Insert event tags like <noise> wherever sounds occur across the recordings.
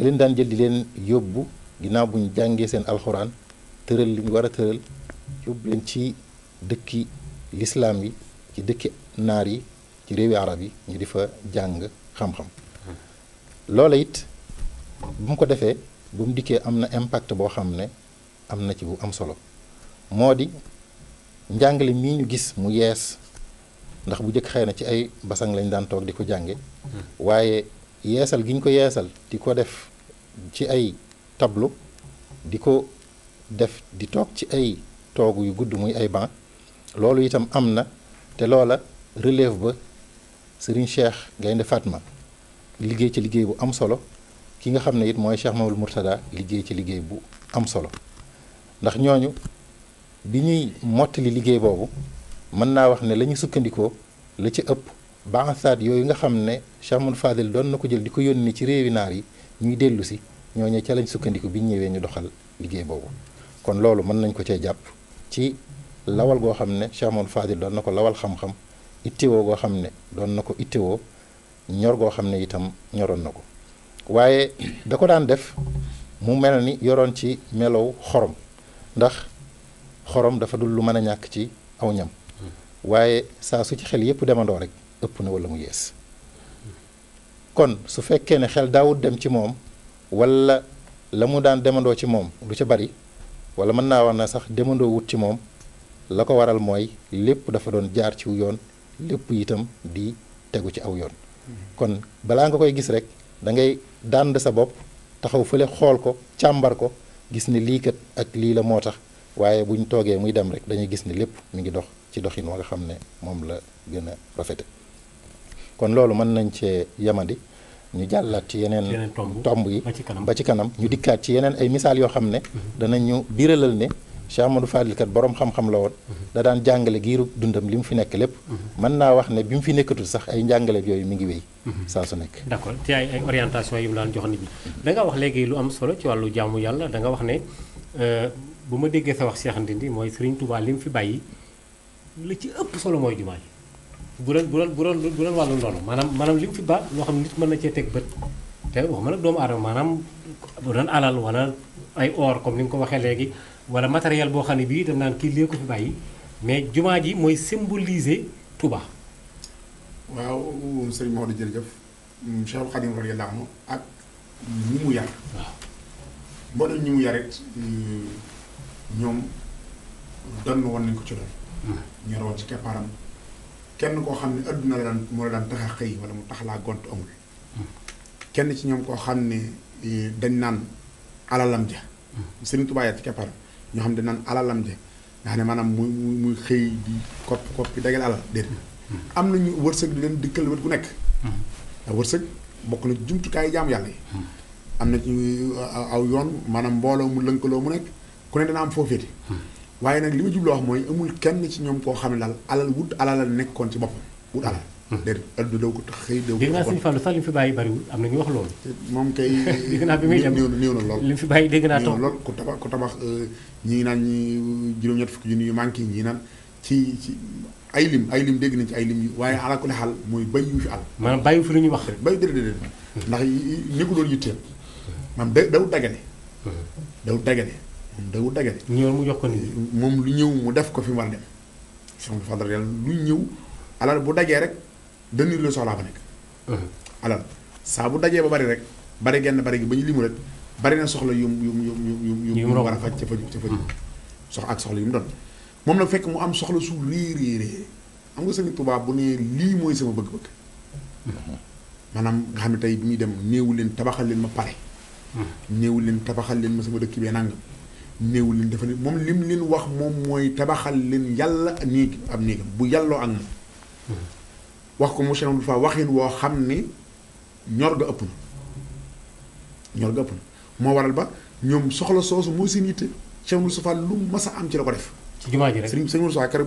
da leen daan jël di leen yóbbu ginnaaw bu jàngee seen alxuraan tëral li ñu war a tëral yóbbu leen ci dëkki lislaam yi ci dëkki naar yi ci réewi arab yi ñu di fa jàng xam-xam loola it bu mu ko defee bu mu dikkee am na impact boo xam ne am na ci bu am solo moo di njàngale mii ñu gis mu yees ndax bu jëkk xëy na ci ay basang lañ daan toog di ko jànge hmm. waaye yeesal gi ñu ko yeesal di ko def ci ay tableau di ko def di toog ci ay toogu yu gudd muy ay banc loolu itam am na te loola relève ba sëriñ Cheikh Gaynde Fatma liggéey ci liggéey bu am solo ki nga xam ne it mooy Cheikh Mamadou Mourtada liggéey ci liggéey bu am solo ndax ñooñu bi ñuy mottali liggéey boobu mën naa wax ne la sukkandikoo la ci ëpp baaxasaat yooyu nga xam ne Cheikh Mouhamadou Fadil doon na ko jël di ko yónni ci réewi naar yi ñuy dellu si ñooñu ca lañ sukkandiku bi ñu ñëwee ñu doxal liggéey boobu kon loolu mën nañ ko cee jàpp ci lawal goo xam ne Cheikh Mouhamadou Fadil doon na ko lawal xam-xam ittewoo goo xam ne doon na ko ittewoo ñor goo xam ne itam ñoroon na ko waaye da ko daan def mu mel ni yoroon ci melow xorom ndax xorom dafa dul lu mën a ñàkk ci aw ñam hmm. waaye saa su ci xel yépp demandoo rek ëpp na wala mu yées kon su fekkee ne xel daawut dem ci moom wala la mu daan demandoo ci moom lu ca bari wala mën naa wax na sax demandoo wut ci moom la ko waral mooy lépp dafa doon jaar ci yoon lépp itam di tegu ci aw yoon kon balaa nga koy gis rek da ngay dànd sa bopp taxaw fële xool ko càmbar ko gis ni liikat ak lii la moo tax waaye bu ñu toogee muy dem rek dañuy gis ni lépp mu ngi dox ci doxin wa nga xam ne moom la gën a rafete kon loolu mën nañ cee yemandi ñu jàllaat ci yeneen tomb yi ba ci kanam ñu dikkaat ci yeneen ay misaal yoo xam ne mhm. danañ ñu biiralal ne Cheikh Amadou Fadil kat borom xam-xam la woon mhm. da daan jàngale giiru dundam li mu fi nekk lépp mhm. mën naa wax ne bi mu fi nekkatul sax ay njàngale yooyu mi ngi wéy saa su nekk d'accord ci ay ay orientation yu mu daan jox nit ñi da nga wax léegi lu am solo ci wàllu jaamu yàlla da nga wax ne euh, bu ma déggee sa wax Cheikh Ndindi mooy Serigne Touba li mu fi bàyyi li ci ëpp solo mooy jumaa bu doon bu doon bu doon bu doon wàllu loolu maanaam maanaam li mu fi baax loo xam ne nit mën na cee teg bët te waxuma nag doomu aadama maanaam bu doon alal wala ay or comme ni nga ko waxee léegi wala matériel boo xam ne bii dañ naan kii lee ko fi bàyyi mais jumaa ji mooy symboliser Touba. waaw sëriñ Maodo jërëjëf mm, Cheikh Khadim radiyallahu anhu ak mu yar. waaw mu yar it mm, ñoom donn woon nañ ko ci doon. Mm. ñoroon ci kenn koo xam ne adduna la daan moo la daan tax a xëy wala mu tax laa gont amul kenn ci ñoom koo xam ne eh, dañ naan alalam ja Sëriñ Tuubaa ci keppar ñoo xam ne dañ naan alalam ja nga xam ne maanaam muy muy xëy di kopp kopp di dagale alal déedéet am nañu wërsëg di leen dikkal wet gu nekk ndax wërsëg bokk na jumtukaay jaamu yàlla yi am na ci eh, aw yoon maanaam mbooloo mu lënkaloo mu nekk ku ne dana am foofeeti waaye nag li ma jublu wax mooy amul kenn ci ñoom koo xam ne daal alal wut alal la nekkoon ci boppam wut alal. Hmm. déedéet ëllëg daw ko xëy daw ko. dégg naa sëñ Fallou sax li am na ñu wax loolu. moom kay. dégg naa bi muy dem néew néew na lool. li mu fi bàyyi naa taw lool ku tabax ku tabax euh, ñi ngi naan ñi juróom-ñett fukki junni yu manqué ñi naan ci ci ay lim ay lim dégg nañ ci ay lim waaye ala kulli xaal mooy bay yu fi àll. maanaam bàyyi fi lu ñuy wax. bay déedéet ndax ni ko doon yitteel maanaam daw dagane. Hmm. daw dagane daw dagat ñëw mu jox ko moom lu ñëw mu def ko fi ma war a dem Cheikh ñëw alal bu dajee rek dënnu lu soxlaa ba nekk. Uh-huh. alal saa bu dajee ba bari rek bari genn bari gi ba ñu limu rek bari na soxla yu mu yu mu yu mu a faj ca faju uh-huh. ca sox ak soxla yu mu moom nag fekk mu am soxla su rëy rëy rëy am nga sëñ Tuubaa bu ne lii mooy sama bëgg-bëgg. Uh-huh. maanaam nga xam ne tey bi muy dem néewu leen tabaxal leen ma pare. néewu leen tabaxal leen ma sama dëkk bee nangam. néew leen dafa ne moom lim leen wax moom mooy tabaxal leen yàlla néeg am néegam bu yàlloo ak moom wax ko mu Cheikh Amadou Fall waxin woo xam ni ñor ga ëpp na ñor ga ëpp na moo waral ba ñoom soxla soosu moo seen yitte Cheikh Amadou Fall lu mas a am ci la ko def ci bu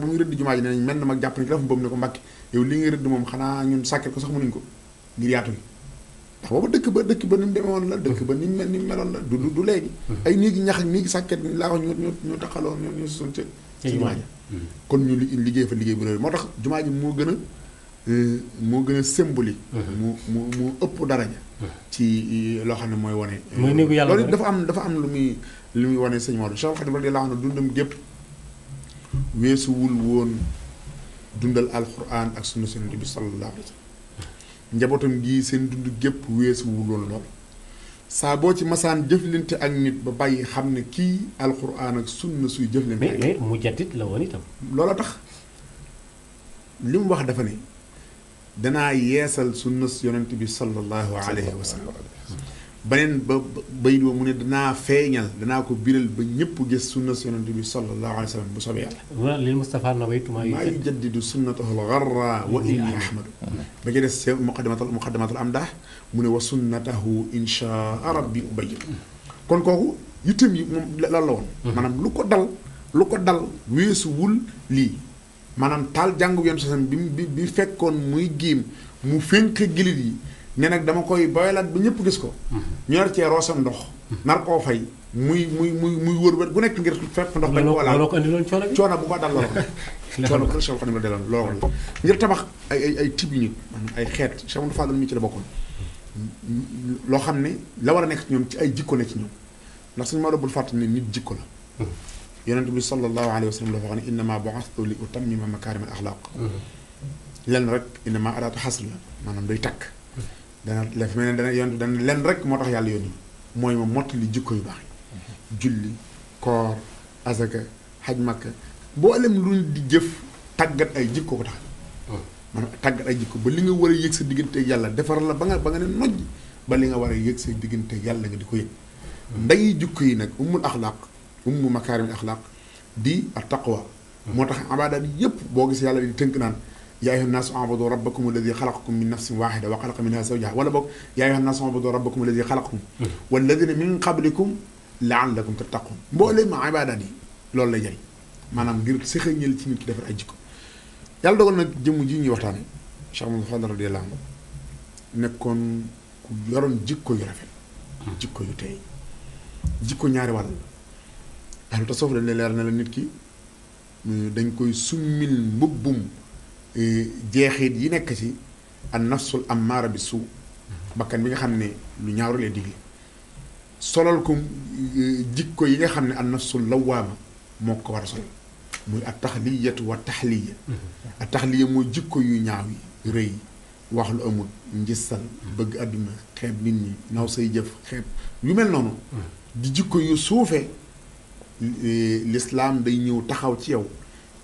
muy rëdd jumaa ji nee nañ mel na mag jàpp ni ki dafa mbëm ne ko mbàkki yow li ngay rëdd moom xanaa ñun sàkkil ko sax mënuñ ko ngir yaatu gi booba dëkk ba dëkk ba ni mu demewoon dëkk ba ni mu ni meloon la du du léegi mm-hmm. ay néegi ñax ak néegi sàkket laa wax ñu ñu taxaloon ñu ñu mm-hmm. kon ñu liggéey fa liggéey bu rëy moo jumaa ji moo gën a euh, moo gën a mu mu mm-hmm. ëpp daraja ci euh, loo xam ne mooy wane euh, loolu dafa am dafa am lu muy lu muy wane sëñ Maodo Cheikh laa radiyallahu anhu dundam gépp weesuwul woon dundal alquran ak sunna sunnati bi sallallahu alayhi njabootam gii seen dund gépp weesuwu loolu lool saa boo ci masaan jëflante ak nit ba bàyyi xam ne kii alxuraan ak sunna suy jëflante mais mais la woon itam loola tax li wax dafa ne danaa yeesal sunna yonent bi sallallahu alayhi wa beneen ba bay ba mu ne danaa feeñal danaa ko biral ba ñëpp gis sunna si yonent bi sallallahu alayhi wa sallam bu soobee yàlla. waaw lil Mustafa nawaytu maa yujaddidu sunnatahu al-gharra wa inni ahmadu ba ca des ca muqaddimatul muqaddimatul amdah mu ne wa sunnatahu insha rabbi ubayyin kon kooku itam yi moom lan la woon. Mm-hmm. maanaam lu ko dal lu ko dal weesuwul lii maanaam taal jàngu yoon sasam bi bi bi fekkoon muy géem mu fenk gilit yi. ne nag dama koy boyalaat ba ñëpp gis ko. Mhm. ñu nar cee roosam ndox. Mhm. nar koo fay muy muy muy muy wër wër bu nekk ngir fepp ndox. bañ ko walaal looloo ko bu ko dal <laughs> looloo ko. coono kër ko ngir tabax ay ay ay tib yi ay xeet Cheikh Amadou Fadal mi ci la bokkoon. loo xam ne la war a nekk ci ñoom ci ay jikko ne ci ñoom ndax suñu Maodo bul fàttali ne nit jikko la. Mhm. yonent bi sallallahu alayhi wa sallam dafa wax ne innama bu'ithtu li utammima makarim al axlaq lenn rek innama araatu xasr la maanaam day takk dana def mel ne dana yont dana lenn rek moo tax yàlla yónni mooy ma mottali jikko yu baax yi mhm. julli koor asaka xaj makka boolem luñ di jëf tàggat ay jikko ko tax man tàggat ay jikko ba li nga war a yëg sa diggante yàlla defar la ba nga ba nga ne nojj ba li nga war a yëg sa diggante yàlla nga di ko yëg nday jikko yi nag ummul axlaaq ummu makaarimil axlaaq di ak at taqwa moo tax abaadaat yëpp boo gis yàlla di tënk naan yaa ayyuha naasu abudu rabbakum alladi xalaqakum min nafsin waxida wa xalaqa minha zawjaha wala boog yaa ayyuha naasu abudu rabbakum alladi xalaqakum walladina min qablikum laallakum tattaqun mboolem ibaadaat yi loolu lay jëriñ maanaam ngir sëxëñal ci nit ki defar ay jikko yàlla dogal nag jëmm ji ñuy waxtaane Cheikh Mamadou Fadal radiyallahu anhu nekkoon ku yoroon jikko yu rafet jikko yu tey jikko ñaari wàll daal tasawuf dañ lay leer na la nit ki dañ koy summil mbubbum jeexit yi nekk ci an nafsul ammaara bi suuf bakkan bi nga xam ne lu ñaaw lay digle solal ko jikko yi nga xam ne an nafsul lawaama moo ko war a solal muy at liy wa taxliya at taxliya mooy jikko yu ñaaw yi rëy wax lu amul njisal bëgg àdduna xeeb nit ñi naw say jëf xeeb yu mel noonu di jikko yu suufee eh, lislaam day ñëw taxaw ci yow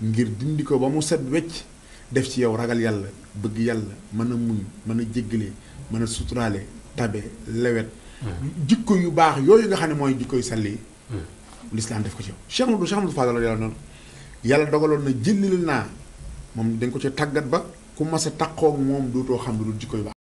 ngir dindi ko ba mu set wecc def ci yow ragal yàlla bëgg yàlla mën a muñ mën a jéggale mën a suturaale tabe lewet mm-hmm. jikko yu baax yooyu nga xam ne mooy jikko yu salli mm-hmm. lislaam def ko ci yow Cheikh Amadou Cheikh Amadou Fadal yàlla noonu yàlla dogaloon na jëllil naa moom dañ ko ci tàggat ba ku mas a taqoo moom dootoo xam lu dul jikko yu baax